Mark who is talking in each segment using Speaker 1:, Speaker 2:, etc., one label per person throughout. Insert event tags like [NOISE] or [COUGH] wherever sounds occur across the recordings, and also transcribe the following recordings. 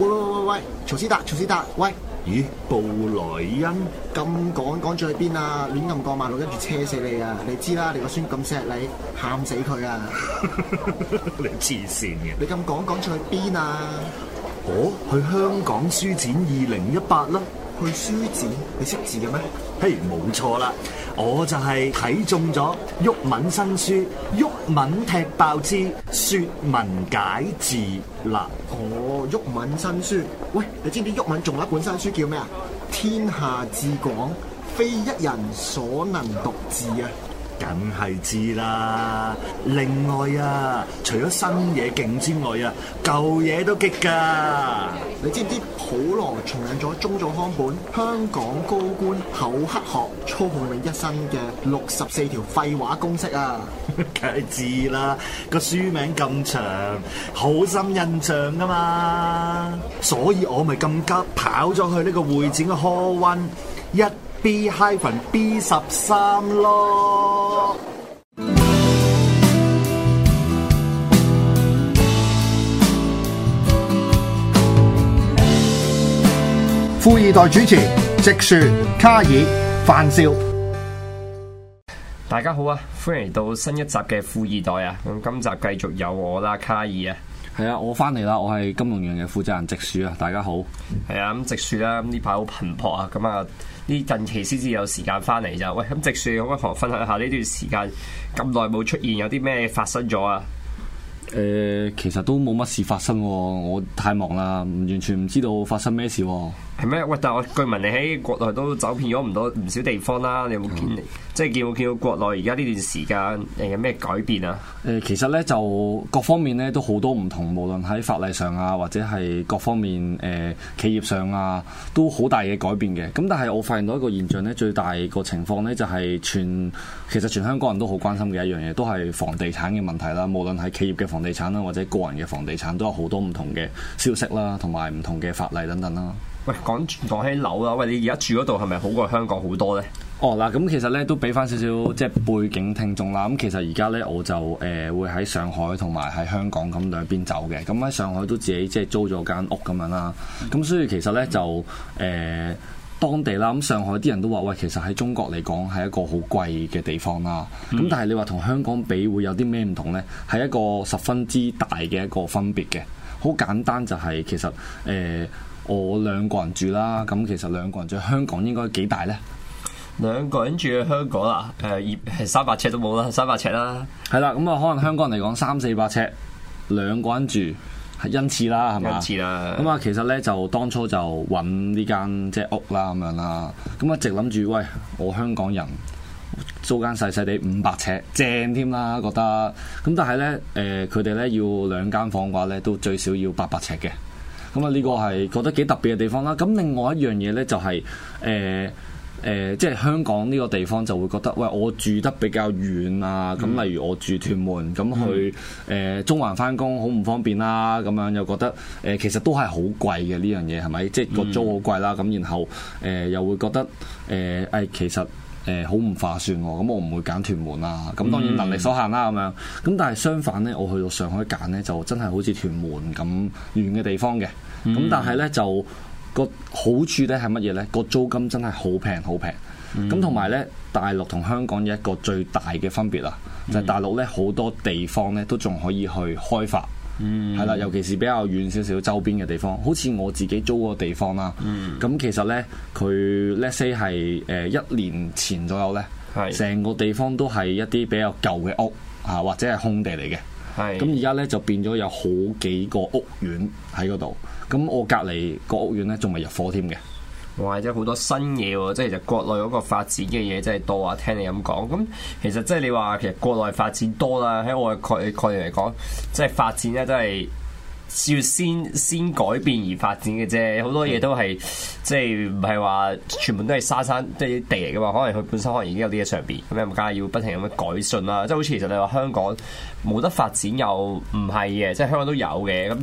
Speaker 1: 喂喂喂喂，曹思達，曹思達，喂！咦，布萊恩，咁趕趕咗去邊啊？亂咁過馬路，跟住車死你啊！你知啦，你個孫咁錫你，喊死佢啊！你黐線嘅！你咁趕趕咗去邊啊？哦，去香港書展二零一八啦！去書展，你識字嘅咩？嘿，冇錯啦，我就係睇中咗毓民新書《毓民踢爆之説文解字》啦。哦，毓民新書，喂，你知唔知毓民仲有一本新書叫咩啊？天下至廣，非一人所能獨治啊！梗係知啦！另外啊，除咗新嘢勁之外啊，舊嘢都激㗎。你知唔知普羅重印咗中左康本《香港高官厚黑學》，操控你一生嘅六十四條廢話公式啊？梗係知啦，個書名咁長，好深印象㗎嘛。所以我咪咁急跑咗去呢個會展嘅柯温一。b h y p h n B 十三咯。富易袋主持直樹卡爾范少，
Speaker 2: 大家好啊，歡迎嚟到新一集嘅富易袋啊，咁今集繼續有我啦，卡爾啊。係啊，我翻嚟啦，我係金融營嘅負責人直樹啊，大家好。係啊，咁直樹啦，咁呢排好頻撲啊，咁啊，呢近期先至有時間翻嚟咋。喂，咁直樹可唔可以同我分享下呢段時間咁耐冇出現有啲咩發生咗啊？誒，其
Speaker 3: 實都冇乜事發生，我太忙啦，完全唔知道發生咩事。
Speaker 2: 係咩？喂！但我據聞你喺國內都走遍咗唔多唔少地方啦、啊。你有冇見？嗯、即係叫冇見到國內而家呢段時間誒有咩改變啊？
Speaker 3: 誒，其實咧就各方面咧都好多唔同，無論喺法例上啊，或者係各方面誒、呃、企業上啊，都好大嘅改變嘅。咁但係我發現到一個現象咧，最大個情況咧就係全其實全香港人都好關心嘅一樣嘢，都係房地產嘅問題啦。無論係企業嘅房地產啦、啊，或者個人嘅房地產，都有好多唔同嘅消息啦、啊，同埋唔同嘅法例等等啦、啊。喂，講講起樓啦，喂，你而家住嗰度，係咪好過香港好多呢？哦，嗱，咁其實呢都俾翻少少即係背景聽眾啦。咁其實而家呢，我就誒、呃、會喺上海同埋喺香港咁兩邊走嘅。咁喺上海都自己即係租咗間屋咁樣啦。咁所以其實呢，就誒、呃、當地啦。咁上海啲人都話喂、呃，其實喺中國嚟講係一個好貴嘅地方啦。咁、嗯、但係你話同香港比會有啲咩唔同呢？係一個十分之大嘅一個分別嘅。好簡單就係、是、其實誒。呃我兩個人住啦，咁其實兩個人住香港應該幾大呢？
Speaker 2: 兩個人住香港啊？誒、呃，二係三百尺都冇啦，三百尺啦。
Speaker 3: 係啦，咁、嗯、啊，可能香港人嚟講三四百尺，兩個人住係恩賜啦，係咪？恩賜啦。咁啊、嗯，其實呢，就當初就揾呢間即係屋啦，咁樣啦。咁、嗯、一直諗住，喂，我香港人租間細細地五百尺，正添啦，覺得。咁但係呢，誒、呃，佢哋呢要兩間房嘅話呢，都最少要八百尺嘅。咁啊，呢個係覺得幾特別嘅地方啦。咁另外一樣嘢呢，就係誒誒，即係香港呢個地方就會覺得，喂，我住得比較遠啊。咁例如我住屯門，咁去誒中環翻工好唔方便啦。咁樣又覺得誒，其實都係好貴嘅呢樣嘢，係咪？即係個租好貴啦。咁然後誒，又會覺得誒，誒其實。誒好唔划算喎，哦，咁我唔會揀屯門啊，咁當然能力所限啦咁樣。咁但係相反呢，我去到上海揀呢，就真係好似屯門咁遠嘅地方嘅。咁、mm. 但係呢，就個好處呢係乜嘢呢？個租金真係好平好平。咁同埋呢，大陸同香港有一個最大嘅分別啦，就係、是、大陸呢，好多地方呢都仲可以去開發。嗯，係啦，尤其是比較遠少少周邊嘅地方，好似我自己租個地方啦。嗯，咁其實呢，佢 let say 係誒一年前左右呢，成是個地方都係一啲比較舊嘅屋㗎，或者係空地嚟嘅。咁而家呢，就變咗有好幾個屋苑喺嗰度，咁我隔離個屋苑呢，仲未入伙添嘅。
Speaker 2: 或者好多新嘢喎，即係其實國內嗰個發展嘅嘢真係多啊。聽你咁講，咁其實即係你話其實國內發展多啦。喺我嘅概概念嚟講，即係發展咧真係。要先先改變而發展嘅啫，好多嘢都係，即係唔係話全部都係沙山，即係啲地嚟嘅話可能佢本身可能已經有啲嘢上邊，咁樣咁梗係要不停咁樣改進啦。即係好似其實你話香港冇得發展又唔係嘅，即係香港都有嘅。咁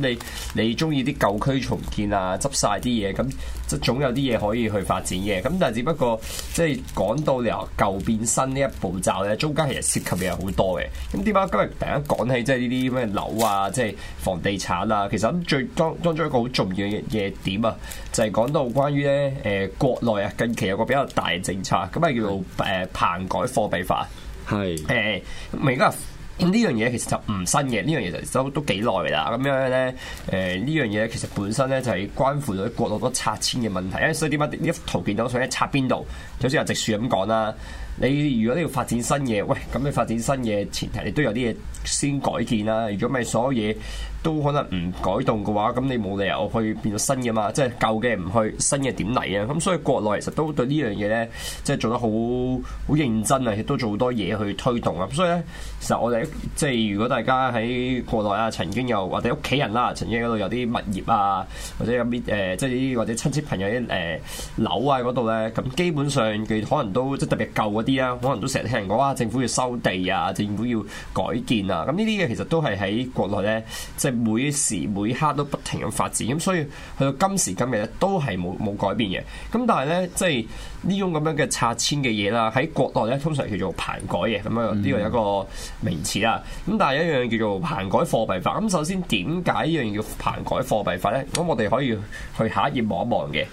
Speaker 2: 你你中意啲舊區重建啊，執晒啲嘢咁，即係總有啲嘢可以去發展嘅。咁但係只不過即係講到話舊變新呢一步驟咧，中間其實涉及嘅有好多嘅。咁點解今日突然間講起即係呢啲咩樓啊，即係房地產啊？啊，其實咁最當當中一個好重要嘅嘢點啊，就係、是、講到關於咧誒、呃、國內啊近期有個比較大嘅政策，咁啊叫做誒棚改貨幣化，係誒是，咁而家呢樣嘢其實就唔新嘅，呢樣嘢其實都都幾耐啦。咁樣咧誒呢樣嘢、呃這個、其實本身咧就係、是、關乎到國內嗰拆遷嘅問題，因為所以點解呢一幅圖片見到想咧拆邊度，就好似阿直樹咁講啦。你如果你要發展新嘢，喂，咁你發展新嘢前提你都有啲嘢先改建啦。如果咪所有嘢都可能唔改動嘅話，咁你冇理由去變咗新嘅嘛，即係舊嘅唔去，新嘅點嚟啊？咁所以國內其實都對呢樣嘢咧，即係做得好好認真啊，亦都做好多嘢去推動啊。咁所以咧，其實我哋即係如果大家喺國內啊，曾經有或者屋企人啦，曾經嗰度有啲物業啊，或者有啲，誒、呃，即係或者親戚朋友啲誒樓啊嗰度咧，咁、呃、基本上佢可能都即係特別舊可能都成日聽人講啊，政府要收地啊，政府要改建啊，咁呢啲嘢其實都係喺國內呢，即係每時每刻都不停咁發展，咁所以去到今時今日咧都係冇冇改變嘅。咁但係呢，即係呢種咁樣嘅拆遷嘅嘢啦，喺國內呢，通常叫做棚改嘅，咁樣呢個有一個名詞啦。咁但係一樣叫做棚改貨幣法。咁首先點解呢樣叫棚改貨幣法呢？咁我哋可以去下一頁望一望嘅。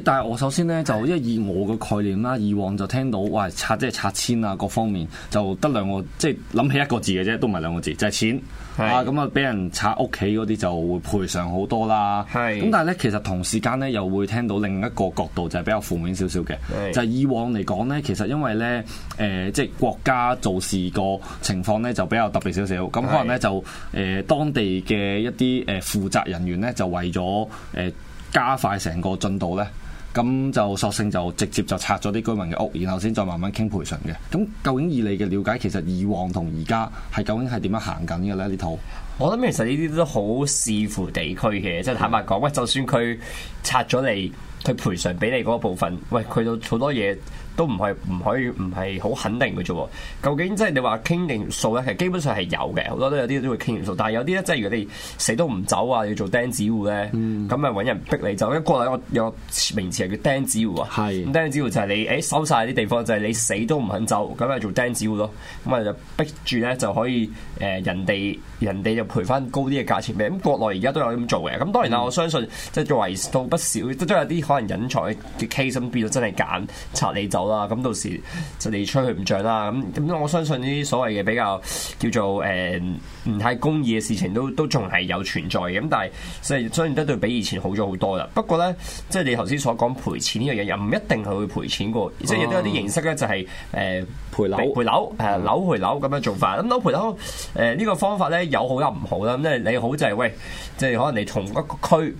Speaker 3: 誒，但係我首先咧，就是的 因為以我嘅概念啦，以往就聽到，哇，拆即係拆遷啊，各方面就得兩個，即係諗起一個字嘅啫，都唔係兩個字，就係、是、錢是的 啊。咁啊，俾人拆屋企嗰啲就會賠償好多啦。係。咁但係咧，其實同時間咧，又會聽到另一個角度，就係比較負面少少嘅。是的 就係以往嚟講咧，其實因為咧，誒、呃，即係國家做事個情況咧，就比較特別少少。咁可能咧，就誒、呃、當地嘅一啲誒負責人員咧，就為咗誒加快成個進度咧。咁就索性就直接就拆咗啲居民嘅屋，然後先再慢慢傾賠償嘅。咁
Speaker 2: 究竟以你嘅了解，其實以往同而家係究竟係點樣行緊嘅呢？呢套我諗其實呢啲都好視乎地區嘅，即係、嗯、坦白講，喂，就算佢拆咗你。佢賠償俾你嗰部分，喂，佢到好多嘢都唔係唔可以唔係好肯定嘅啫喎。究竟即係你話傾定數咧，其實基本上係有嘅，好多都有啲都會傾定數。但係有啲咧，即係如果你死都唔走啊，要做釘子戶咧，咁咪揾人逼你走。因為國內一個禮有個名詞係叫釘子戶啊，咁是的、嗯、釘子戶就係你，誒收晒啲地方就係、是、你死都唔肯走，咁咪做釘子戶咯。咁啊就逼住咧就可以誒、呃、人哋人哋就賠翻高啲嘅價錢俾。咁國內而家都有咁做嘅。咁當然啦，我相信，我相信即係作為到不少都不少都有啲。可能隱藏嘅 case 咁變到真係揀拆你走啦，咁到時就你吹佢唔着啦，咁、嗯、咁我相信呢啲所謂嘅比較叫做誒唔、呃、太公義嘅事情都都仲係有存在嘅，咁但係即係雖然都對比以前好咗好多啦。不過咧，即係你頭先所講賠錢呢樣嘢又唔一定係會賠錢嘅，即係亦都有啲形式咧就係、是、誒、呃、賠樓賠樓誒樓賠樓咁、啊、樣做法。咁、嗯、樓賠樓誒呢、呃這個方法咧有好有唔好啦，即係你好就係、是、喂，即係可能你同一個區。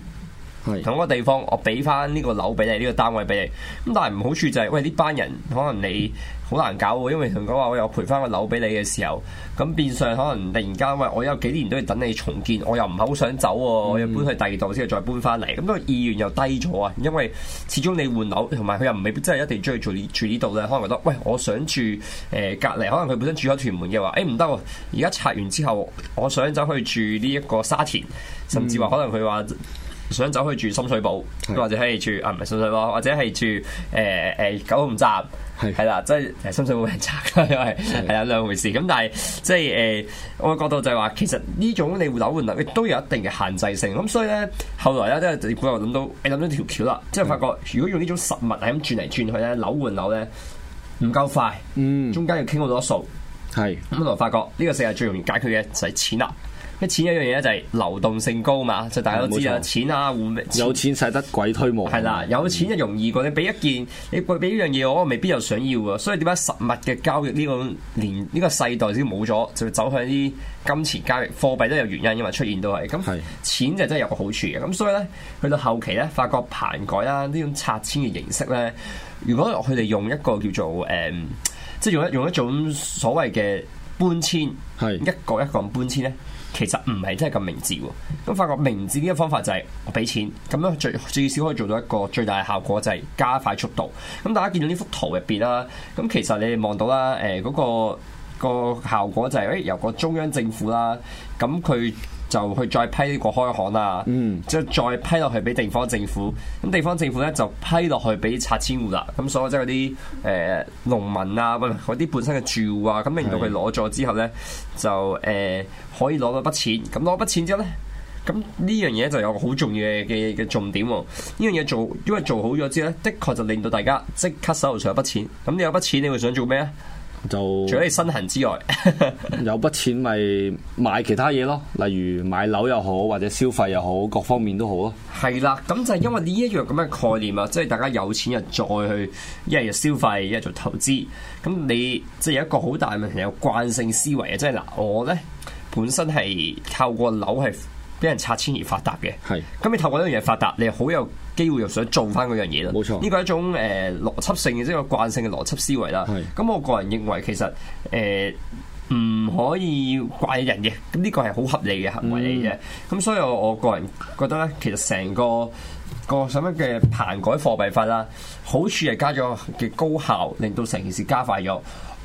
Speaker 2: 同一個地方，我俾翻呢個樓俾你，呢、這個單位俾你。咁但係唔好處就係、是，喂呢班人可能你好難搞喎，因為同佢講話，我又賠翻個樓俾你嘅時候，咁變相可能突然間，喂，我有幾年都要等你重建，我又唔係好想走喎，我又搬去第二度先至再搬翻嚟，咁、嗯、個意願又低咗啊。因為始終你換樓，同埋佢又唔未必真係一定中意住呢住呢度咧，可能覺得，喂，我想住誒隔籬，可能佢本身住咗屯門嘅話，誒唔得，而家拆完之後，我想走去住呢一個沙田，甚至話可能佢話。嗯想走去住深水埗，或者係住啊，唔係深水埗，或者係住誒誒九龍站，係啦的，即係深水埗被人拆，又係係啊兩回事。咁但係即係誒、呃，我嘅角度就係話，其實呢種你樓換樓，亦都有一定嘅限制性。咁所以咧，後來咧都係不斷諗到，你、哎、諗到條橋啦，即係發覺如果用呢種實物係咁轉嚟轉去咧，樓換樓咧唔夠快，嗯，中間要傾好多數，係咁的我來發覺呢個世界最容易解決嘅就係錢啦。錢一樣嘢就係流動性高嘛，就大家都知啦。錯錢啊，換有錢使得鬼推磨。係啦，有錢就容易過你俾一件，你俾呢樣嘢，我未必又想要喎。所以點解實物嘅交易呢、呢個年呢個世代先冇咗，就會走向啲金錢交易貨幣都有原因，因為出現都係咁。錢就真係有個好處嘅咁，所以咧去到後期咧，發覺棚改啦、啊、呢種拆遷嘅形式咧，如果佢哋用一個叫做誒、嗯，即係用一用一種所謂嘅搬遷，係一個一個咁搬遷咧。其實唔係真係咁明智喎，咁發覺明智嘅方法就係我俾錢，咁樣最至少可以做到一個最大嘅效果就係加快速度。咁大家見到呢幅圖入邊啦，咁其實你哋望到啦，誒、欸、嗰、嗰個嗰個效果就係、是、誒、欸、由個中央政府啦，咁佢。就去再批國開行啊，即係、嗯、再批落去俾地方政府，咁地方政府咧就批落去俾拆遷戶啦。咁所以即係嗰啲誒農民啊，嗰、呃、啲本身嘅住戶啊，咁令到佢攞咗之後咧，就誒、呃、可以攞到筆錢。咁攞筆錢之後咧，咁呢樣嘢就有個好重要嘅嘅重點喎、哦。呢樣嘢做，因為做好咗之後咧，的確就令到大家即刻手頭上有筆錢。咁你有筆錢，你會想做咩啊？就除咗你身痕之外，
Speaker 3: [LAUGHS] 有筆錢咪買其他嘢咯，例如買
Speaker 2: 樓又好，或者消費又好，各方面都好咯。係啦，咁就係因為呢一樣咁嘅概念啊，即係大家有錢人再去一日消費，一日做投資，咁你即係有一個好大問題，有慣性思維啊，即係嗱，我咧本身係靠個樓係。俾人拆遷而發達嘅，係咁是 你透過呢樣嘢發達，你好有機會又想做翻嗰樣嘢咯。冇沒錯，呢個係一種誒、呃、邏輯性嘅，即係個慣性嘅邏輯思維啦。咁，是 我個人認為其實誒唔、呃、可以怪人嘅，咁呢個係好合理嘅行為嚟嘅。咁、嗯、所以我個人覺得呢其實成個個什麼嘅棚改貨幣法啦，好處係加咗嘅高效，令到成件事加快咗。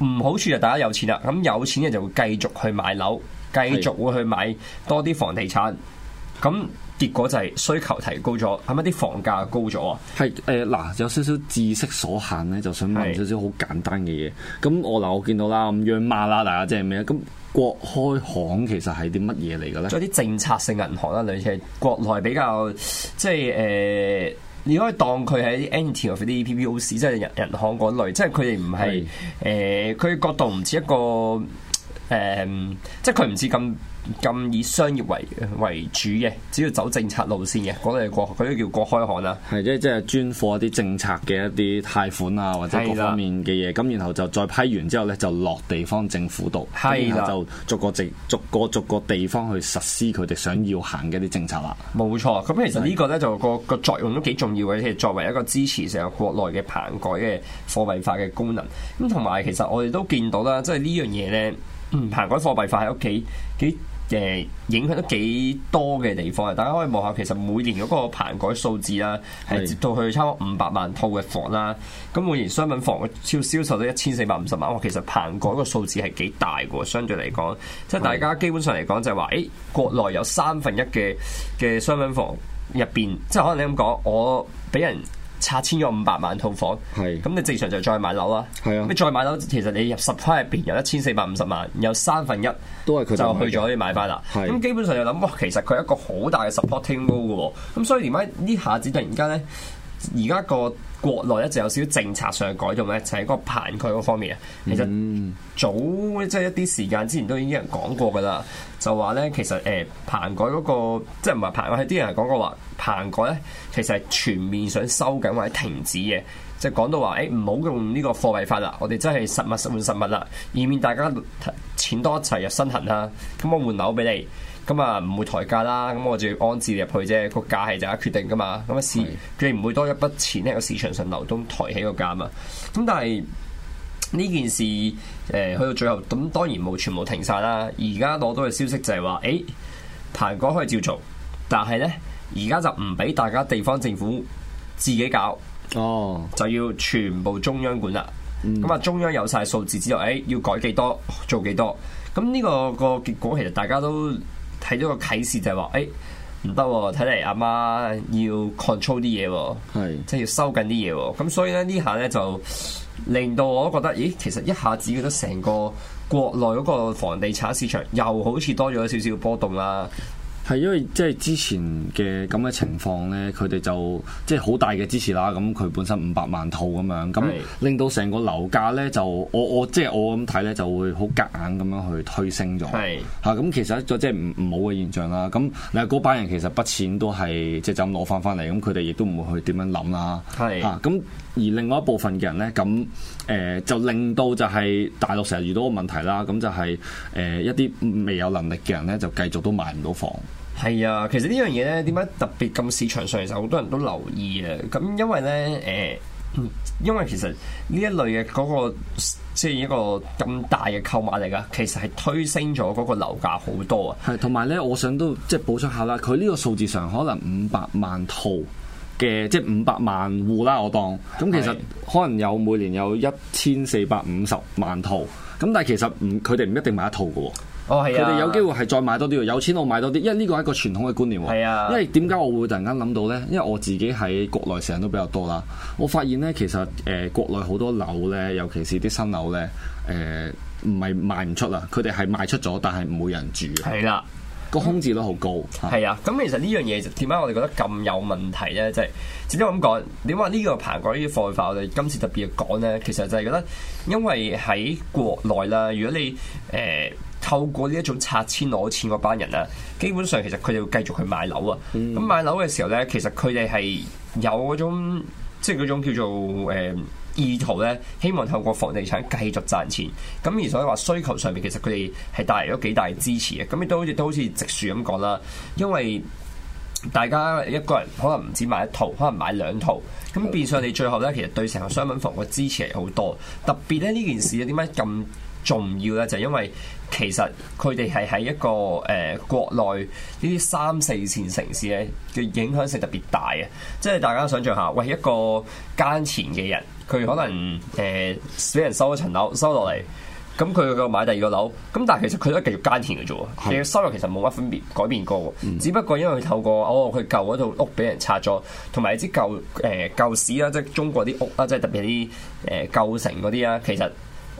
Speaker 2: 唔好處就大家有錢啦，咁有錢人就會繼續去買樓。繼續會去買多啲房地產，咁結果就係需求提高咗，係咪啲房價高咗啊？係
Speaker 3: 誒，嗱、呃，有少少知識所限咧，就想問少少好簡單嘅嘢。咁是我嗱，我見到啦，咁央媽啦，大家知係咩？咁國開行其實係啲乜嘢嚟嘅咧？即係啲
Speaker 2: 政策性銀行啦，類似係國內比較即係誒、呃，你可以當佢係啲 entity 啲 PBOC，即係人銀行嗰類，即係佢哋唔係誒，佢是、呃、角度唔似一個。誒，um，即係佢唔似咁咁以商業為為主嘅，只要走政策路線嘅嗰類過嗰啲叫國開行啦。係即係即係專
Speaker 3: 貨一啲政策嘅一啲貸款啊，或者各方面嘅嘢。咁是的 然後就再批完之後咧，就落地方政府度，跟住是的 就逐個政逐個逐個地方去實施佢哋想要行嘅啲政策啦。
Speaker 2: 冇錯，咁其實個呢個咧就個個作用都幾重要嘅，係作為一個支持成個國內嘅棚改嘅貨幣化嘅功能。咁同埋其實我哋都見到啦，即、就、係、係、呢樣嘢咧。就係嗯，棚改貨幣化喺屋企幾誒、呃、影響得幾多嘅地方啊？大家可以望下，其實每年嗰個棚改數字啦，係接到去差唔多五百萬套嘅房啦。咁每年商品房嘅超銷售都一千四百五十萬，我其實棚改個數字係幾大嘅喎。相對嚟講，即係大家基本上嚟講就係話，誒、欸、國內有三分一嘅嘅商品房入邊，即係可能你咁講，我俾人。拆遷咗五百萬套房，係咁的，你正常就再買樓啦，係啊的，你再買樓？其實你入十塊入邊有一千四百五十萬，有三分一都係佢就去咗可以買翻啦。咁的基本上就諗，哇，其實佢一個好大嘅 supporting role 嘅喎，咁所以點解呢下子突然間咧。而家個國內咧就有少少政策上嘅改動咧，就喺、是、個棚改嗰方面啊。其實早即係一啲時間之前都已經有人講過㗎喇，就話咧其實誒棚、欸、改嗰、嗰個即係唔係棚改，啲人係講過話棚改咧其實係全面想收緊或者停止嘅，即係講到話誒唔好用呢個貨幣法啦，我哋真係實物換實物啦，以免大家錢多一齊入身痕啊。咁、啊、我、啊、換樓俾你。咁啊，唔、嗯、會抬價啦，咁、嗯、我就要安置入去啫，個價係就一決定噶嘛。咁、嗯、啊市佢唔是的 會多一筆錢喺個市場上流動抬起個價嘛。咁、嗯、但係呢件事，誒、呃、去到最後，咁、嗯嗯、當然冇全部停晒啦。而家攞到嘅消息就係話，誒、欸，彭哥可以照做，但係呢，而家就唔俾大家地方政府自己搞，哦，就要全部中央管啦。咁、嗯、啊、嗯嗯，中央有晒數字之後，誒、欸、要改幾多，做幾多。咁呢、這個、那個結果其實大家都。睇咗個啟示就係話，誒唔得，睇嚟阿媽要 control 啲嘢喎，係即係要收緊啲嘢喎。咁所以咧呢下咧就令到我都覺得，咦，其實一下子覺得成個國內嗰個房地產市場又好似多咗少少波動啦。係因為即係之前嘅咁嘅情況咧，佢哋就即係好大嘅支持啦。
Speaker 3: 咁佢本身五百萬套咁樣，咁是的 令到成個樓價咧就我我即係我咁睇咧就會好夾硬咁樣去推升咗。係嚇咁，其實就即係唔唔好嘅現象啦。咁嗱嗰班人其實筆錢都係即係就咁攞翻翻嚟，咁佢哋亦都唔會去點樣諗啦。係嚇咁而另外一部分嘅人咧，咁誒就令到就係大陸成日遇到個問題啦。咁就係誒一啲未有能力嘅人咧，就繼續都買唔到房。
Speaker 2: 係啊，其實呢樣嘢咧，點解特別咁市場上，其實好多人都留意啊。咁因為呢，誒、欸，因為其實呢一類嘅嗰個，即係一個咁大嘅購買嚟噶，其實係推升咗嗰個樓價好多啊。
Speaker 3: 係，同埋呢，我想都即係補充下啦，佢呢個數字上可能五百萬套嘅，即係五百萬戶啦，我當。咁其實可能有是的 每年有一千四百五十萬套，咁但係其實唔，佢哋唔一定買一套噶喎。
Speaker 2: 哦，係啊！佢哋有機
Speaker 3: 會係再買多啲，有錢我買多啲，因為呢個係一個傳統嘅觀念喎。係啊，因為點解我會突然間諗到咧？因為我自己喺國內成日都比較多啦，我發現咧其實誒國內好多樓咧，尤其是啲新樓咧，誒
Speaker 2: 唔係賣唔出啦，佢哋係賣出咗，但係唔會有人住。係啦，個空置率好高。係啊，咁其實呢樣嘢點解我哋覺得咁有問題咧？即係只不過咁講。點解呢個棚改呢啲貨幣化我哋今次特別講咧？其實就係覺得因為喺國內啦、呃，如果你誒。呃呃透過呢一種拆遷攞錢嗰班人啊，基本上其實佢哋要繼續去買樓啊。咁、嗯、買樓嘅時候咧，其實佢哋係有嗰種即係嗰種叫做誒、呃、意圖咧，希望透過房地產繼續賺錢。咁而所以話需求上面其實佢哋係帶嚟咗幾大支持嘅。咁亦都好似都好似直樹咁講啦，因為大家一個人可能唔止買一套，可能買兩套，咁變相你最後咧其實對成個商品房個支持係好多。特別咧呢件事點解咁重要咧？就係、因為其實佢哋係喺一個誒、呃、國內呢啲三四線城市咧嘅影響性特別大嘅。即係大家想象下，喂一個耕田嘅人，佢可能誒俾、呃、人收咗層樓收落嚟，咁佢個買第二個樓，咁但係其實佢都繼續耕田嘅啫喎，嘅收入其實冇乜分別改變過喎。只不過因為佢透過哦，佢舊嗰套屋俾人拆咗，同埋啲舊誒、呃、舊市啦，即係中國啲屋啊，即係特別啲誒、呃、舊城嗰啲啊。其實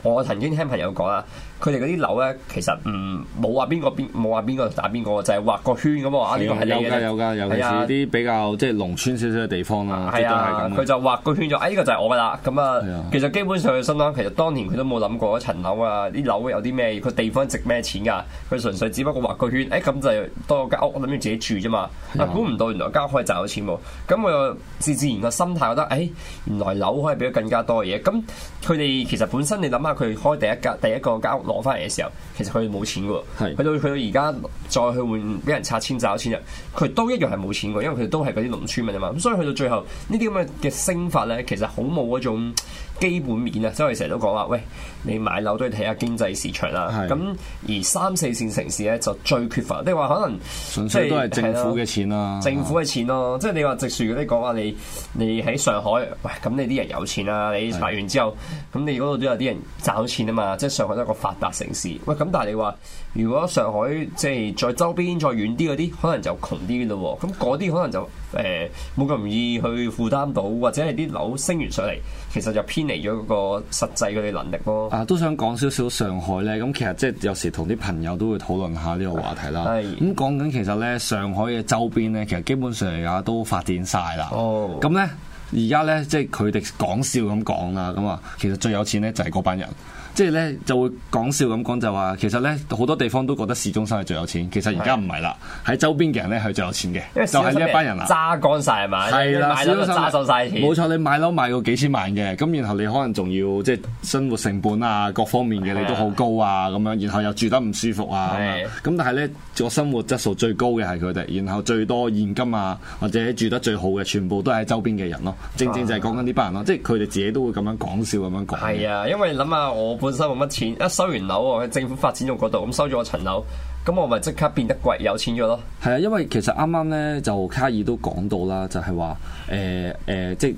Speaker 2: 我曾經聽朋友講啦。佢哋嗰啲樓咧，其實唔冇話邊個邊冇話邊個打邊個，就係、是、畫個圈咁啊！呢、這個嘢嘅，有噶有噶，尤其是啲
Speaker 3: 比較即係、啊、農村少少嘅地方啦。係啊，佢就，就
Speaker 2: 畫個圈咗，哎呢、這個就係我噶啦。咁啊，啊其實基本上嘅心諗，其實當年佢都冇諗過一層樓啊，啲樓有啲咩？佢地方值咩錢噶？佢純粹只不過畫個圈，哎咁就多個間屋，我諗住自己住啫嘛。估、啊、唔到原來間屋可以賺到錢喎！咁我又自自然個心態覺得，哎原來樓可以俾到更加多嘅嘢。咁佢哋其實本身你諗下，佢開第一第一個間屋。攞翻嚟嘅時候，其實佢哋冇錢嘅喎，去係到去到而家再去換，俾人拆遷找錢啊！佢都一樣係冇錢嘅，因為佢哋都係嗰啲農村人啊嘛，咁所以去到最後呢啲咁嘅嘅升法咧，其實好冇嗰種。基本面啊，即係我哋成日都講話，喂，你買樓都要睇下經濟市場啦。咁是而三四線城市咧，就最缺乏。你係話可能，純粹都係政府嘅錢、啊、啦。政府嘅錢咯、啊，即係你話直樹嗰啲講話，你你喺上海，喂，咁你啲人有錢啊，你買完之後，咁是你嗰度都有啲人賺到錢啊嘛。即、就、係、是、上海都係一個發達城市，喂，咁但係你話如果上海即係再周邊再遠啲嗰啲，可能就窮啲咯。咁嗰啲可能就。誒冇咁容易去負擔到，或者係啲樓升完上嚟，其實就偏離咗個實際啲能力咯。啊，
Speaker 3: 都想講少少上海咧，咁其實即係有時同啲朋友都會討論下呢個話題啦。咁講緊其實咧，上海嘅周邊咧，其實基本上嚟講都發展晒啦。哦，咁咧而家咧，即係佢哋講笑咁講啦，咁啊，其實最有錢咧就係嗰班人。即係咧，就會講笑咁講就話，其實咧好多地方都覺得市中心係最有錢。其實而家唔係啦，喺周邊嘅人咧係最有錢嘅，就係呢一班人啦，揸
Speaker 2: 乾晒，係嘛，係啦的，市中心揸手晒錢。冇錯，你
Speaker 3: 買樓買過幾千萬嘅，咁然後你可能仲要即係生活成本啊，各方面嘅你都好高啊，咁樣，然後又住得唔舒服啊，咁的但係咧個生活質素最高嘅係佢哋，然後最多現金啊或者住得最好嘅，全部都係喺周邊嘅人咯。正正就係講緊呢班人咯，即係佢哋自己都會咁樣講笑咁樣講。係啊，
Speaker 2: 因為諗下我。本身冇乜錢，一、啊、收完樓喎，喺政府發展喺嗰度，咁收咗我層樓，咁我咪即刻變得貴有錢咗咯。
Speaker 3: 係啊，因為其實啱啱咧就卡爾都講到啦，就係話誒誒，即係。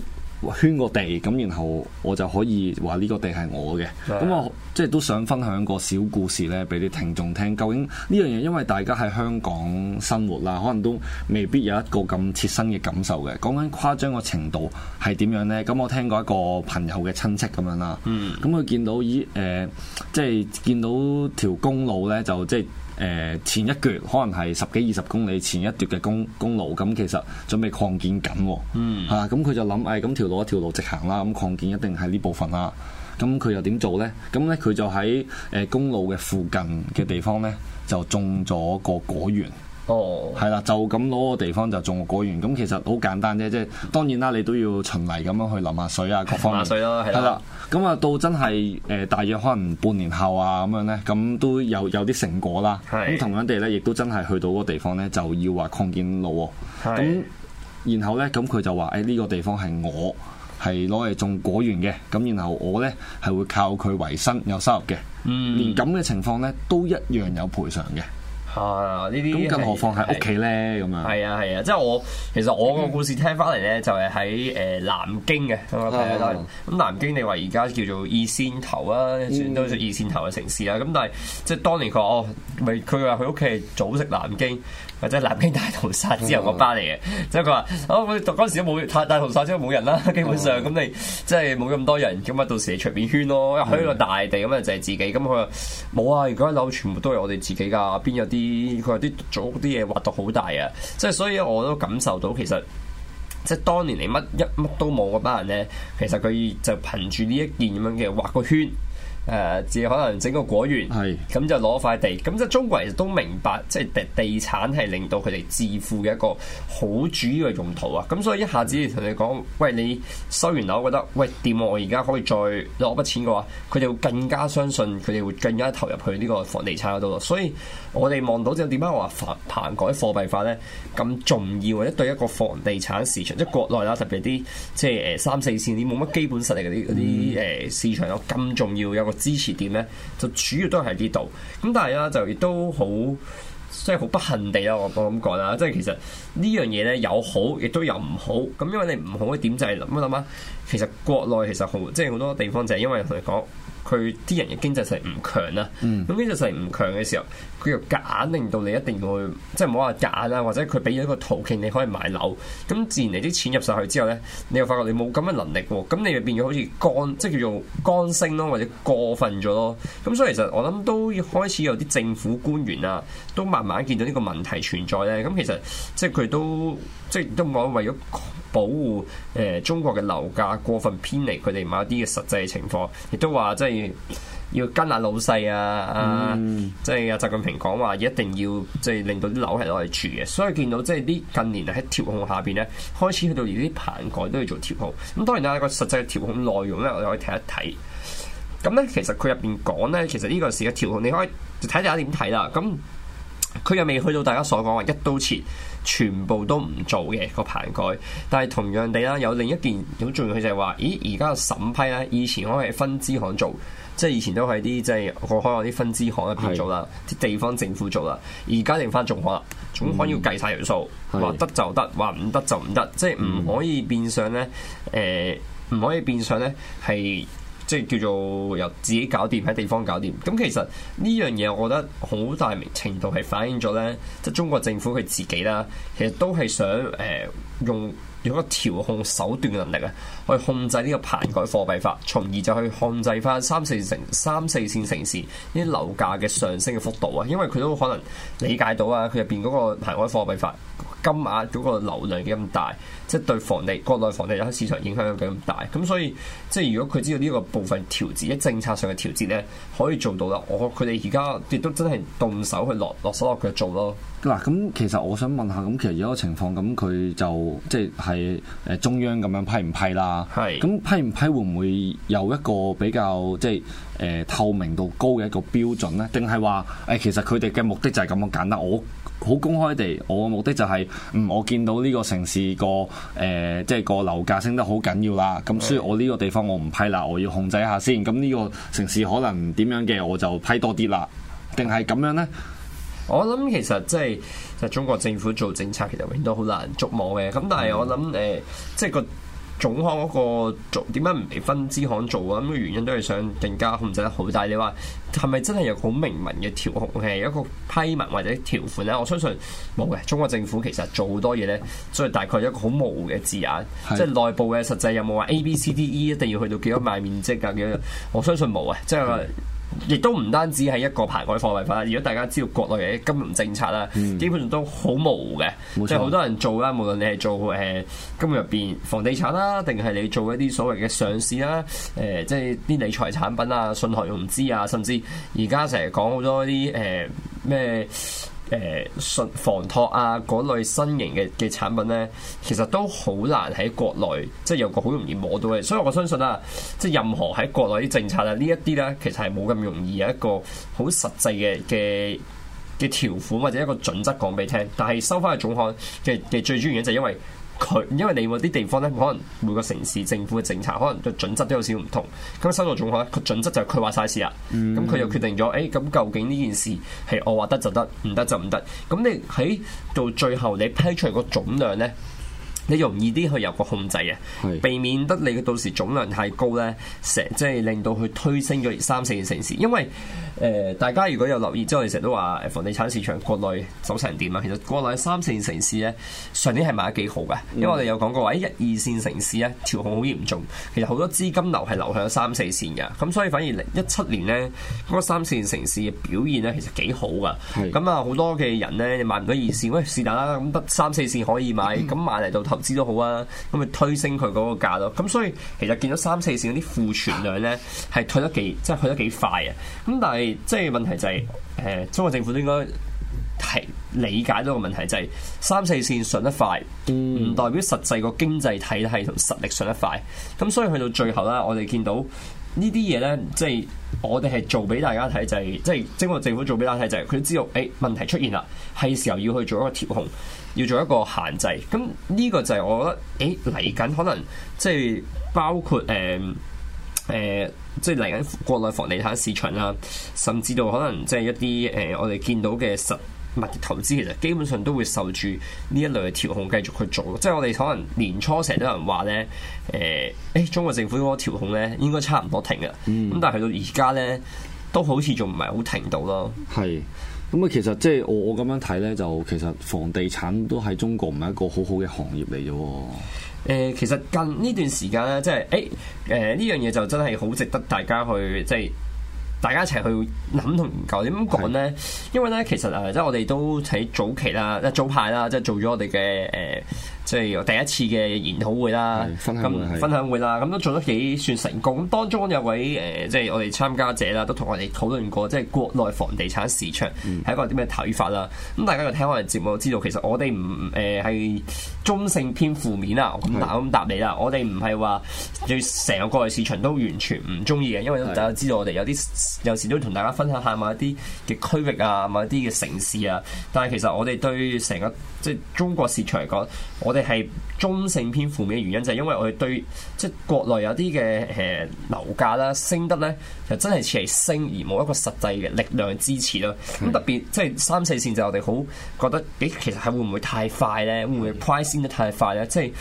Speaker 3: 圈個地咁，然後我就可以話呢個地係我嘅。咁的我即係都想分享個小故事呢，俾啲聽眾聽。究竟呢樣嘢，因為大家喺香港生活啦，可能都未必有一個咁切身嘅感受嘅。講緊誇張嘅程度係點樣呢？咁我聽過一個朋友嘅親戚咁樣啦。嗯。咁佢見到咦誒、呃，即係見到條公路呢，就即係。誒前一撅，可能係十幾二十公里前一撅嘅公公路咁，其實準備擴建緊喎。嗯，嚇咁佢就諗，誒、哎、咁條路一條路直行啦，咁、嗯、擴建一定係呢部分啦。咁、啊、佢又點做咧？咁咧佢就喺誒公路嘅附近嘅地方咧，就種咗個果園。哦，係啦，oh.，就咁攞個地方就種個果園，咁其實好簡單啫，即係當然啦，你都要循例咁樣去淋下水啊，各方面 [LAUGHS] 淋下水咯，係啦。咁啊，到真係誒，大約可能半年後啊，咁樣咧，咁都有有啲成果啦。咁是同樣地咧，亦都真係去到嗰是、哎這個地方咧，就要話擴建路。咁然後咧，咁佢就話誒呢個地方係我係攞嚟種果園嘅，咁然後我咧係會靠佢為生有收入嘅。嗯，連咁嘅情況咧都一樣有賠償嘅。
Speaker 2: 係啊！呢啲咁更何況喺屋企咧，咁啊，係啊係啊，即係我其實我個故事聽翻嚟咧，就係喺誒南京嘅咁啊，咁、嗯、吧南京你話而家叫做二線頭啊，嗯、算都係二線頭嘅城市啦，咁但係即係當年佢哦，唔係佢話佢屋企祖籍南京。或者南京大屠殺之後嗰班嚟嘅，即係佢話：我讀嗰陣時都冇大屠殺，之後冇人啦、啊，基本上咁你即係冇咁多人，咁咪到時你隨便圈咯，又喺個大地咁啊，就係自己。咁佢話冇啊，如果一樓全部都係我哋自己㗎，邊有啲佢話啲祖屋啲嘢畫到好大啊！即係所以我都感受到其實，即係當年你乜一乜都冇嗰班人咧，其實佢就憑住呢一件咁樣嘅畫個圈。誒，甚、呃、可能整個果園，咁是就攞塊地，咁即係中國人都明白，即係地地產係令到佢哋致富嘅一個好主要嘅用途啊！咁所以一下子同你講，喂，你收完樓，我覺得喂，掂喎、啊，我而家可以再攞筆錢嘅話，佢哋會更加相信佢哋會更加投入去呢個房地產嗰度咯，所以。我哋望到就點解話棚改貨幣化咧咁重要或者對一個房地產市場，即係國內啦，特別啲即係誒三四線啲冇乜基本實力嗰啲啲誒市場有咁重要，有個支持點咧，就主要都係呢度。咁但係啦，就亦都好即係好不幸地啦，我我咁講啦，即係其實呢樣嘢咧有好，亦都有唔好。咁因為你唔好嘅點就係諗一諗啊，其實國內其實好即係好多地方就係因為同你講。佢啲人嘅經濟實力唔強啦，咁、嗯、經濟實力唔強嘅時候，佢又假令到你一定要，即係唔好話假啦，或者佢俾咗個途徑你可以買樓，咁自然你啲錢入晒去之後咧，你又發覺你冇咁嘅能力喎，咁你就變咗好似乾，即係叫做乾升咯，或者過分咗咯，咁所以其實我諗都開始有啲政府官員啊，都慢慢見到呢個問題存在咧，咁其實即係佢都即係都冇乜為咗。保護誒、呃、中國嘅樓價過分偏離佢哋某一啲嘅實際情況，亦都話即係要跟下老細啊、嗯、啊，即係阿習近平講話一定要即係令到啲樓係攞嚟住嘅，所以見到即係啲近年喺調控下邊咧，開始去到而啲棚改都要做調控。咁當然啦，個實際調控內容咧，我哋可以睇一睇。咁咧，其實佢入邊講咧，其實呢個時嘅調控，你可以睇睇點睇啦。咁。佢又未去到大家所講話一刀切，全部都唔做嘅個棚改。但係同樣地啦，有另一件好重要佢就係、是、話：咦，而家嘅審批咧，以前我係分支行做，即係以前都係啲即係我開我啲分支行入邊做啦，啲是地方政府做啦。而家定翻總行，總行要計晒條數，話、嗯、得就得，話唔得就唔得，即係唔可以變相咧，誒、嗯，唔、呃、可以變相咧係。即係叫做由自己搞掂，喺地方搞掂。咁其實呢樣嘢，我覺得好大程度係反映咗咧，即係中國政府佢自己啦，其實都係想誒用用一個調控手段嘅能力啊。去控制呢個棚改貨幣化，從而就去控制翻三四城、三四線城市啲樓價嘅上升嘅幅度啊！因為佢都可能理解到啊，佢入邊嗰個棚改貨幣化，金額嗰個流量幾咁大，即係對房地國內房地產市場影響有幾咁大？咁所以即係如果佢知道呢個部分調節，喺政策上嘅調節咧，可以做到啦。我佢哋而家亦都真係動手去落落手落腳做咯。嗱，咁其實我想
Speaker 3: 問下，咁其實有一個情況，咁佢就即係係中央咁樣批唔批啦？啊，係咁是批唔批會唔會有一個比較即係誒透明度高嘅一個標準咧？定係話誒其實佢哋嘅目的就係咁樣簡單，我好公開地，我嘅目的就係、是、嗯我見到呢個城市、呃就是、個誒即係個樓價升得好緊要啦，咁所以我呢個地方我唔批啦，我要控制一下先。咁呢個城市可能點樣嘅我就
Speaker 2: 批多啲啦，定係咁樣呢？我諗其實即係就是就是、中國政府做政策，其實永遠都好難捉摸嘅。咁但係我諗誒即係個。總行嗰個做點解唔俾分支行做啊？咁個原因都係想更加控制得好。但係你話係咪真係有好明文嘅調控器有一個批文或者條款咧？我相信冇嘅。中國政府其實做好多嘢咧，所以大概一個好模糊嘅字眼，的即係內部嘅實際有冇話 A B C D E 一定要去到幾多賣面積啊？幾多？我相信冇啊，即係。亦都唔單止係一個棚改貨幣化，如果大家知道國內嘅金融政策啦，嗯、基本上都好模糊嘅，沒錯 即係好多人做啦。無論你係做誒、呃、金融入邊房地產啦，定係你做一啲所謂嘅上市啦，誒、呃、即係啲理財產品啊、信託融資啊，甚至而家成日講好多啲誒咩？呃誒信房託啊，嗰類新型嘅嘅產品咧，其實都好難喺國內即係有個好容易摸到嘅，所以我相信啊，即係任何喺國內啲政策啊，呢一啲咧其實係冇咁容易有一個好實際嘅嘅嘅條款或者一個準則講俾你聽，但係收翻去總看嘅嘅最主要原因就係因為。佢因為你有啲地方咧，可能每個城市政府嘅政策，可能嘅準則都有少少唔同。咁收到總款，佢準則就係佢話晒事啦。咁佢又決定咗，誒、欸、咁究竟呢件事係我話得就得，唔得就唔得。咁你喺到最後，你批出嚟個總量咧？你容易啲去有個控制啊，避免得你嘅到時總量太高咧，成即係令到佢推升咗三四線城市。因為誒、呃、大家如果有留意，即係我哋成日都話，誒，房地產市場國內走成點啊？其實國內三四線城市咧，上年係賣得幾好嘅，因為我哋有講過話，喺一二線城市咧調控好嚴重，其實好多資金流係流向三四線嘅，咁所以反而一七年咧，嗰、那個、三四線城市嘅表現咧其實幾好噶。咁啊是的，好多嘅人咧又買唔到二線，喂，是但啦，咁得三四線可以買，咁買嚟到頭。知都好啊，咁咪推升佢嗰個價咯。咁所以其實見到三四線嗰啲庫存量咧，係退得幾，即係去得幾快啊。咁但係即係問題就係、是，誒、呃，中國政府都應該係理解到個問題、就是，就係三四線上得快，唔代表實際個經濟體系同實力上得快。咁所以去到最後啦，我哋見到。呢啲嘢咧，即係我哋係做俾大家睇，就係即係政府政府做俾大家睇，就係佢都知道，誒問題出現啦，係時候要去做一個調控，要做一個限制。咁呢個就係我覺得，誒嚟緊可能即係包括誒誒，即係嚟緊國內房地產市場啦，甚至到可能即係一啲誒我哋見到嘅實。物業投資其實基本上都會受住呢一類嘅調控繼續去做，即係我哋可能年初成日都有人話呢，誒，誒，中國政府嗰個調控呢應該差唔多停嘅，咁、嗯、但係去到而家呢，都好似仲唔係好停到咯。係，咁啊，其實即係、就係、我我咁樣睇呢，就其實房地產
Speaker 3: 都係中國唔係一個好好嘅行業嚟嘅。
Speaker 2: 誒、欸，其實近呢段時間呢，即係誒，誒呢樣嘢就真係好值得大家去即係。大家一齊去諗同研究。點講咧？因為咧其實啊，即係我哋都喺早期啦，即係早排啦，即係做咗我哋嘅誒。即係由第一次嘅研討會啦，咁分、嗯、分享會啦，咁是都做得幾算成功。咁當中有位誒，即、呃、係、就是、我哋參加者啦，都同我哋討論過，即係國內房地產市場係、嗯、一個啲咩睇法啦。咁大家就聽我哋節目知道，其實我哋唔誒係中性偏負面啊。咁咁答，是答你啦，我哋唔係話對成個國內市場都完全唔中意嘅，因為大家知道我哋有啲有時都同大家分享下某一啲嘅區域啊，某一啲嘅城市啊。但係其實我哋對成個即係中國市場嚟講，我哋係中性偏負面嘅原因就係、是、因為我哋對即係、就是、國內有啲嘅誒樓價啦升得咧，就真係似係升而冇一個實際嘅力量支持咯。咁、啊、特別即係三四線就我哋好覺得，誒、欸、其實係會唔會太快咧？會唔會 pricing 得太快咧？即係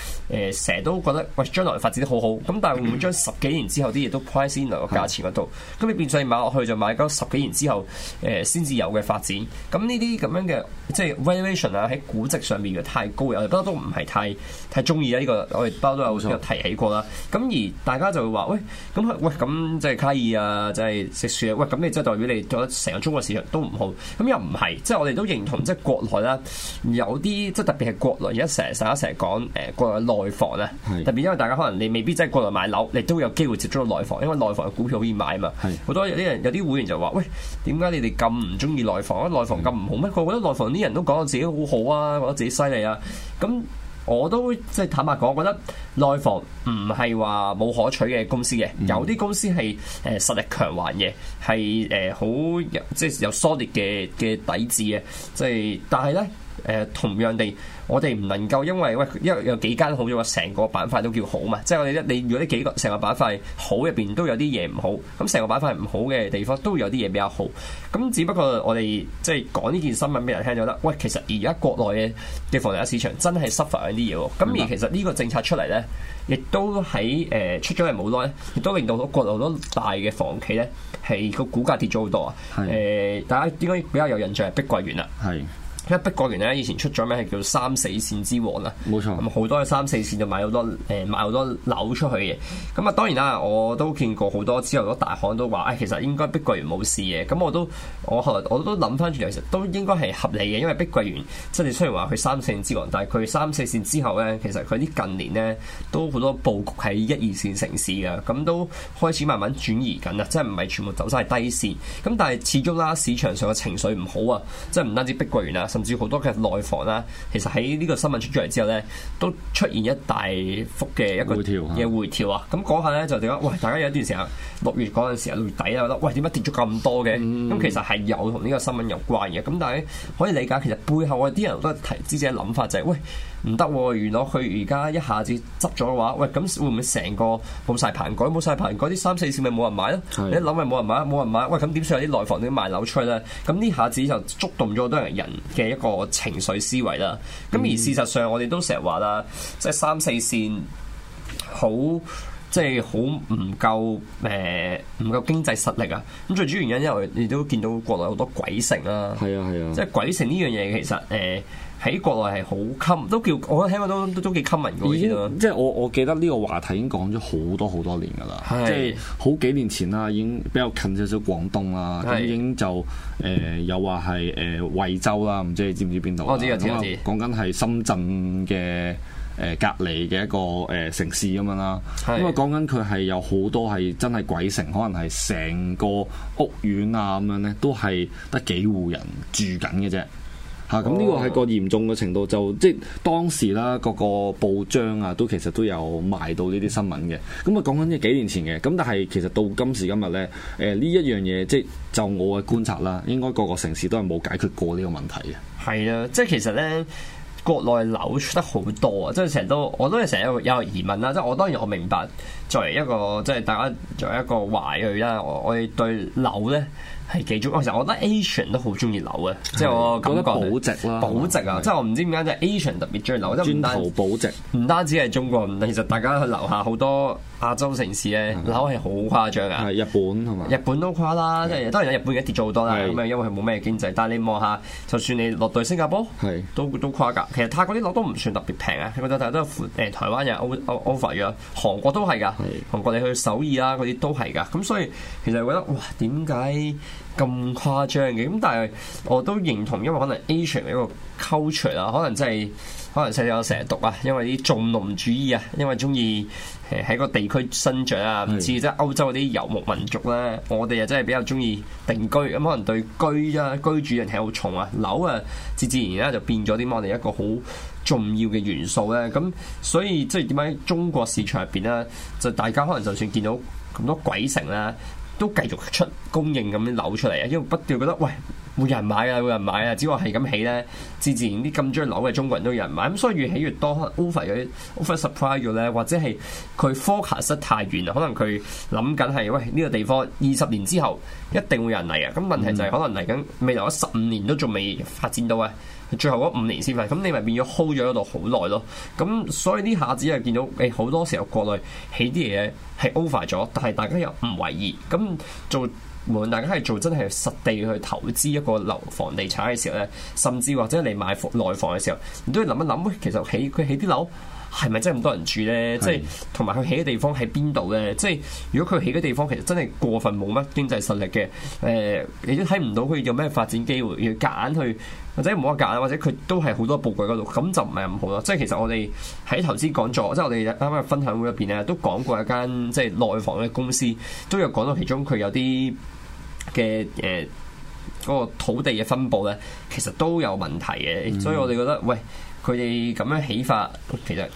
Speaker 2: 誒成日都覺得喂，將、欸、來發展得好好，咁但係會唔會將十幾年之後啲嘢都 pricing 個個價錢度？咁、嗯、你變相買落去就買鳩十幾年之後誒先至有嘅發展。咁呢啲咁樣嘅即係、就是、valuation 啊喺估值上面嘅太高，有好多都唔係。太太中意啦呢個，我哋包都有提起過啦。咁沒錯 而大家就會話喂，咁喂咁即係卡爾啊，就係食雪啊。喂，咁你即係代表你做成個中國市場都唔好？咁又唔係，即係我哋都認同，即係國內啦，有啲即係特別係國內而家成日大家成日講誒國內內房呢。是 特別因為大家可能你未必真係國內買樓，你都有機會接觸到內房，因為內房嘅股票可以買啊嘛。好是 多有啲人有啲會員就話喂，點解你哋咁唔中意內房？內房咁唔好咩？我覺得內房啲人都講到自己好好啊，覺得自己犀利啊，咁、啊。我都即係坦白講，我覺得內房唔係話冇可取嘅公司嘅，嗯、有啲公司係誒實力強橫嘅，係誒好有即係有 solid 嘅嘅底子嘅，即係，但係咧。誒、呃、同樣地，我哋唔能夠因為喂，因為有幾間好咗，成個板塊都叫好嘛。即係我哋一你如果呢幾個成個板塊好，入邊都有啲嘢唔好，咁成個板塊唔好嘅地方都有啲嘢比較好。咁只不過我哋即係講呢件新聞俾人聽就得啦。喂，其實而家國內嘅地房地產市場真係濕發緊啲嘢喎。咁而其實呢個政策出嚟咧，亦都喺誒、呃、出咗嚟冇耐，亦都令到國內好多大嘅房企咧係個股價跌咗好多啊。誒是的、呃，大家應該比較有印象係碧桂園啦。係。碧桂園咧以前出咗名係叫做三四線之王啦，冇錯，咁好多喺三四線就買好多誒買好多樓出去嘅。咁啊當然啦，我都見過好多之後嗰大行都話誒、哎、其實應該碧桂園冇事嘅。咁我都我後來我都諗翻住其實都應該係合理嘅，因為碧桂園即係雖然話佢三四線之王，但係佢三四線之後咧，其實佢啲近年咧都好多佈局喺一二線城市嘅，咁都開始慢慢轉移緊啦，即係唔係全部走晒低線。咁但係始終啦，市場上嘅情緒唔好啊，即係唔單止碧桂園啊。甚至好多嘅內房啦，其實喺呢個新聞出咗嚟之後咧，都出現一大幅嘅一個嘅跳回調啊！咁嗰下咧就點、是、解？喂，大家有一段時間六月嗰陣時六月底啊，我覺得喂點解跌咗咁多嘅？咁、嗯、其實係有同呢個新聞有關嘅。咁但係可以理解，其實背後啊、就是，啲人都係提自己嘅諗法就係喂。唔得喎，原來佢而家一下子執咗嘅話，喂，咁會唔會成個冇晒棚？改冇晒棚？改啲三四線咪冇人買咧？是的 你一諗咪冇人買，冇人買，喂，咁點算有啲內房你賣樓出去咧？咁呢下子就觸動咗好多人人嘅一個情緒思維啦。咁而事實上我哋都成日話啦，即係三四線好。即係好唔夠誒，唔、呃、夠經濟實力啊！咁最主要原因因為你都見到國內好多鬼城啦，係啊係啊！啊啊即係鬼城呢樣嘢其實誒喺、呃、國內係好襟，都叫、啊、我聽過都都都幾襟聞過嘅，
Speaker 3: 即係我我記得呢個話題已經講咗好多好多年㗎啦，是即係好幾年前啦，已經比較近少少廣東啦，是咁已經就誒有話係誒惠州啦，唔知你知唔知邊度？我只有知講緊係深圳嘅。誒隔離嘅一個誒、呃、城市咁樣啦，是的 因為講緊佢係有好多係真係鬼城，可能係成個屋苑啊咁樣咧，都係得幾戶人住緊嘅啫。嚇、哦啊，咁呢個係個嚴重嘅程度，就即係當時啦，個個報章啊都其實都有賣到呢啲新聞嘅。咁啊講緊即係幾年前嘅，咁但係其實到今時今日咧，誒、呃、呢一樣嘢即係就我嘅觀察啦，應該個個
Speaker 2: 城市都係冇解
Speaker 3: 決過呢個問題
Speaker 2: 嘅。係啊，即係其實咧。國內樓出得好多啊，即係成日都，我都係成日有有個疑問啦。即係我當然我明白作為一個，即係大家作為一個懷疑啦，我哋對樓咧。係幾中？我成日覺得 Asian 都好中意樓啊。即係我感覺保值啦，保值啊！即係我唔知點解，即係 Asian 特別中意樓，即係保值，唔單止係中國。其實大家去樓下好多亞洲城市咧，樓係好誇張啊！係
Speaker 3: 日本同埋
Speaker 2: 日本都誇啦，即係當然日本而家跌咗好多啦。咁樣因為佢冇咩經濟，但係你望下，就算你落對新加坡，係都都誇噶。其實泰國啲樓都唔算特別平啊。佢得大家都誒台灣又 over 咗，韓國都係㗎。韓國你去首爾啦，嗰啲都係㗎。咁所以其實覺得哇，點解？咁誇張嘅，咁但係我都認同，因為可能 Asian 嘅一個 culture 啊、就是，可能真係可能成日有成日讀啊，因為啲重農主義啊，因為中意誒喺個地區生長啊，唔似即係歐洲嗰啲遊牧民族啦，我哋啊真係比較中意定居，咁可能對居啊居住人係好重啊，樓啊自自然然咧就變咗啲我哋一個好重要嘅元素咧，咁所以即係點解中國市場入邊咧，就大家可能就算見到咁多鬼城咧？都繼續出供應咁樣攞出嚟啊，因為不斷覺得喂，冇人買啊，冇人買啊，只要係咁起咧，自自然啲咁磚樓嘅中國人都有人買，咁所以越起越多，offer 有啲 offer surprise 咗咧，Over, Over er, 或者係佢 focus 得太遠啦，可能佢諗緊係喂呢、呢個地方二十年之後一定會有人嚟啊，咁問題就係可能嚟緊未來十五年都仲未發展到啊。最後嗰五年先發，咁你咪變咗 hold 咗喺度好耐咯。咁所以呢下子又見到，誒、欸、好多時候國內起啲嘢係 over 咗，但係大家又唔懷疑。咁做，無論大家係做真係實地去投資一個樓房地產嘅時候咧，甚至或者你買房內房嘅時候，你都要諗一諗，其實起佢起啲樓。係咪真係咁多人住咧？ [MUSIC] 即係同埋佢起嘅地方喺邊度咧？即係如果佢起嘅地方其實真係過分冇乜經濟實力嘅，誒、呃，你都睇唔到佢有咩發展機會。要夾硬去，或者唔好話夾硬啦，或者佢都係好多佈局嗰度，咁就唔係咁好咯。即係其實我哋喺投資講座，即係我哋啱啱分享會入邊咧，都講過一間即係內房嘅公司，都有講到其中佢有啲嘅誒嗰個土地嘅分佈咧，其實都有問題嘅。所以我哋覺得，嗯、喂。佢哋咁樣起發，其實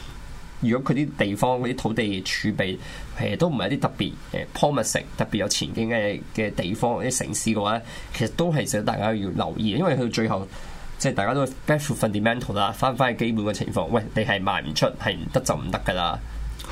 Speaker 2: 如果佢啲地方嗰啲土地儲備係、呃、都唔係一啲特別誒 promising、呃、特別有前景嘅嘅地方啲城市嘅話，其實都係值得大家要留意，因為去到最後即係大家都 back to fundamental 啦，翻返去基本嘅情況。喂，你係賣唔出，係唔得就唔得㗎啦。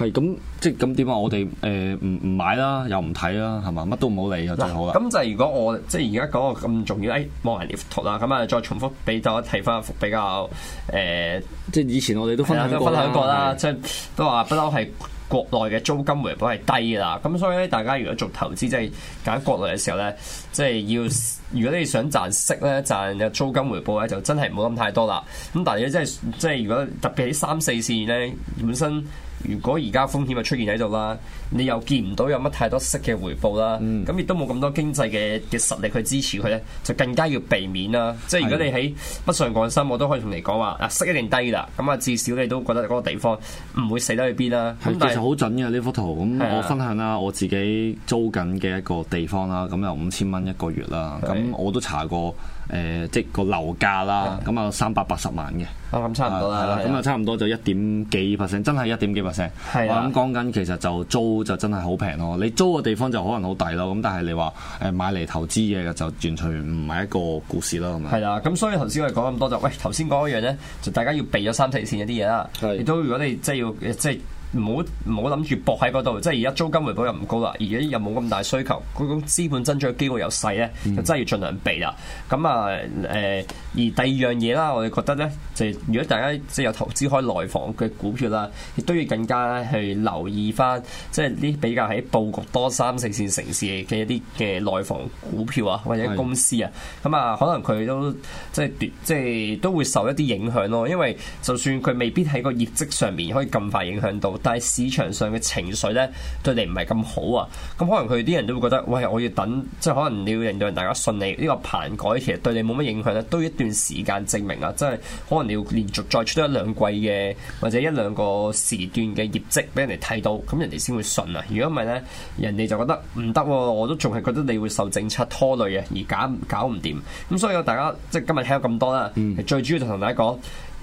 Speaker 2: 係咁，即係咁點啊？我哋誒
Speaker 3: 唔唔買啦，又唔睇啦，係嘛，乜都唔好理又最好啦。咁
Speaker 2: 就係如果我即係而家講個咁重要誒冇、哎、人 morning talk 啦。咁啊，再重複俾大家睇翻比較誒，呃、即係以前我哋都分享都分享過啦。即係都話不嬲係國內嘅租金回報係低噶啦。咁所以咧，大家如果做投資即係揀國內嘅時候咧，即、就、係、是、要如果你想賺息咧，賺嘅租金回報咧，就真係唔好諗太多啦。咁但係咧，即係即係如果特別喺三四線咧，本身。如果而家風險就出現喺度啦。你又見唔到有乜太多息嘅回報啦，咁亦都冇咁多經濟嘅嘅實力去支持佢咧，就更加要避免啦。即係如果你喺北上廣深，我都可以同你講話，啊息一定低啦。咁啊，至少你都覺得嗰個地方唔會死得去邊啦。係其實
Speaker 3: 好準嘅呢幅圖，咁我分享啦，我自己租緊嘅一個地方啦，咁有五千蚊一個月啦。咁我都查過，誒、呃、即個樓價啦，咁啊三百八十萬嘅。啊，咁差唔多啦。咁啊，差唔多，係，差唔多就一點幾 percent，真係一點幾 percent。係咁講緊其實就租。就真係好平咯，你租嘅地方就可能好抵咯，咁但係你話誒，買嚟投資嘢嘅就完全唔係一個故事啦，咁啊。係
Speaker 2: 啊，咁所以頭先我哋講咁多就，喂頭先講嗰樣咧，就大家要避咗三四線一啲嘢啦。亦係都如果你即係要即係。唔好唔好諗住搏喺嗰度，即係而家租金回報又唔高啦，而家又冇咁大需求，嗰種資本增長嘅機會又細咧，就真係要儘量避啦。咁啊誒，而第二樣嘢啦，我哋覺得咧，就係、是、如果大家即係有投資開內房嘅股票啦，亦都要更加去留意返，即係呢比較喺佈局多三四線城市嘅一啲嘅內房股票啊，或者公司啊，咁啊，可能佢都即係即係都會受一啲影響咯。因為就算佢未必喺個業績上面可以咁快影響到。但係市場上嘅情緒咧，對你唔係咁好啊！咁可能佢啲人都會覺得，喂，我要等，即係可能你要令到人大家信你呢個棚改其實對你冇乜影響咧，都要一段時間證明啊！即係可能你要連續再出一兩季嘅，或者一兩個時段嘅業績俾人哋睇到，咁人哋先會信啊！如果唔係咧，人哋就覺得唔得喎，我都仲係覺得你會受政策拖累啊，而搞搞唔掂。咁所以大家即係今日聽咗咁多啦，嗯、最主要就同大家講。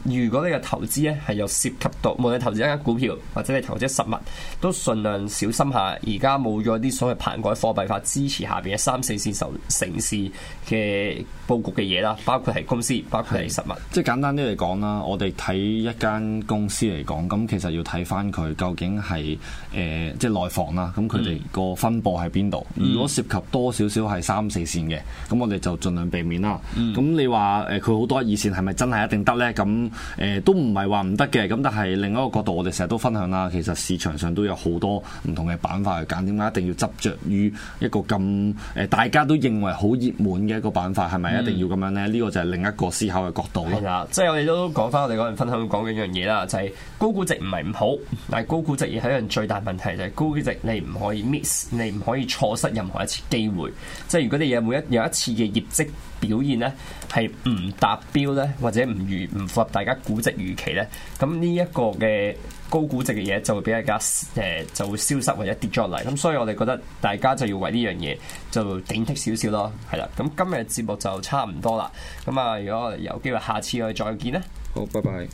Speaker 2: 如果你嘅投資咧係有涉及到，無論投資一間股票或者你投資實物，都儘量小心下。而家冇咗啲所謂棚改貨幣化支持下邊嘅三四線城市嘅佈局嘅嘢啦，包括係公司，包括係實物。即係簡單啲嚟講啦，我哋睇
Speaker 3: 一間公司嚟講，咁其實要睇翻佢究竟係誒、呃、即係內房啦。咁佢哋個分佈喺邊度？嗯、如果涉及多少少係三四線嘅，咁我哋就儘量避免啦。咁、嗯、你話誒佢好多二線係咪真係一定得呢？咁誒、呃，都唔係話唔得嘅，咁但係另一個角度，我哋成日都分享啦。其實市場上都有好多唔同嘅板塊去揀，點解一定要執着於一個咁誒、呃？大家都認為好熱門嘅一個板塊，係咪一定要咁樣呢？呢、嗯、個就係另一個思考嘅角度咯、嗯。
Speaker 2: 即係我哋都講翻我哋嗰陣分享講嘅一樣嘢啦，就係、是、高估值唔係唔好，但係高估值亦係一樣最大問題就係、是、高估值你唔可以 miss，你唔可以錯失任何一次機會。即係如果你有每一有一次嘅業績。表現咧係唔達標咧，或者唔如唔符合大家估值預期咧，咁呢一個嘅高估值嘅嘢就會俾大家誒、呃、就會消失或者跌咗落嚟，咁所以我哋覺得大家就要為呢樣嘢就警惕少少咯，係啦，咁今日嘅節目就差唔多啦，咁啊如果我哋有機會下次我哋再見啦，好，拜拜。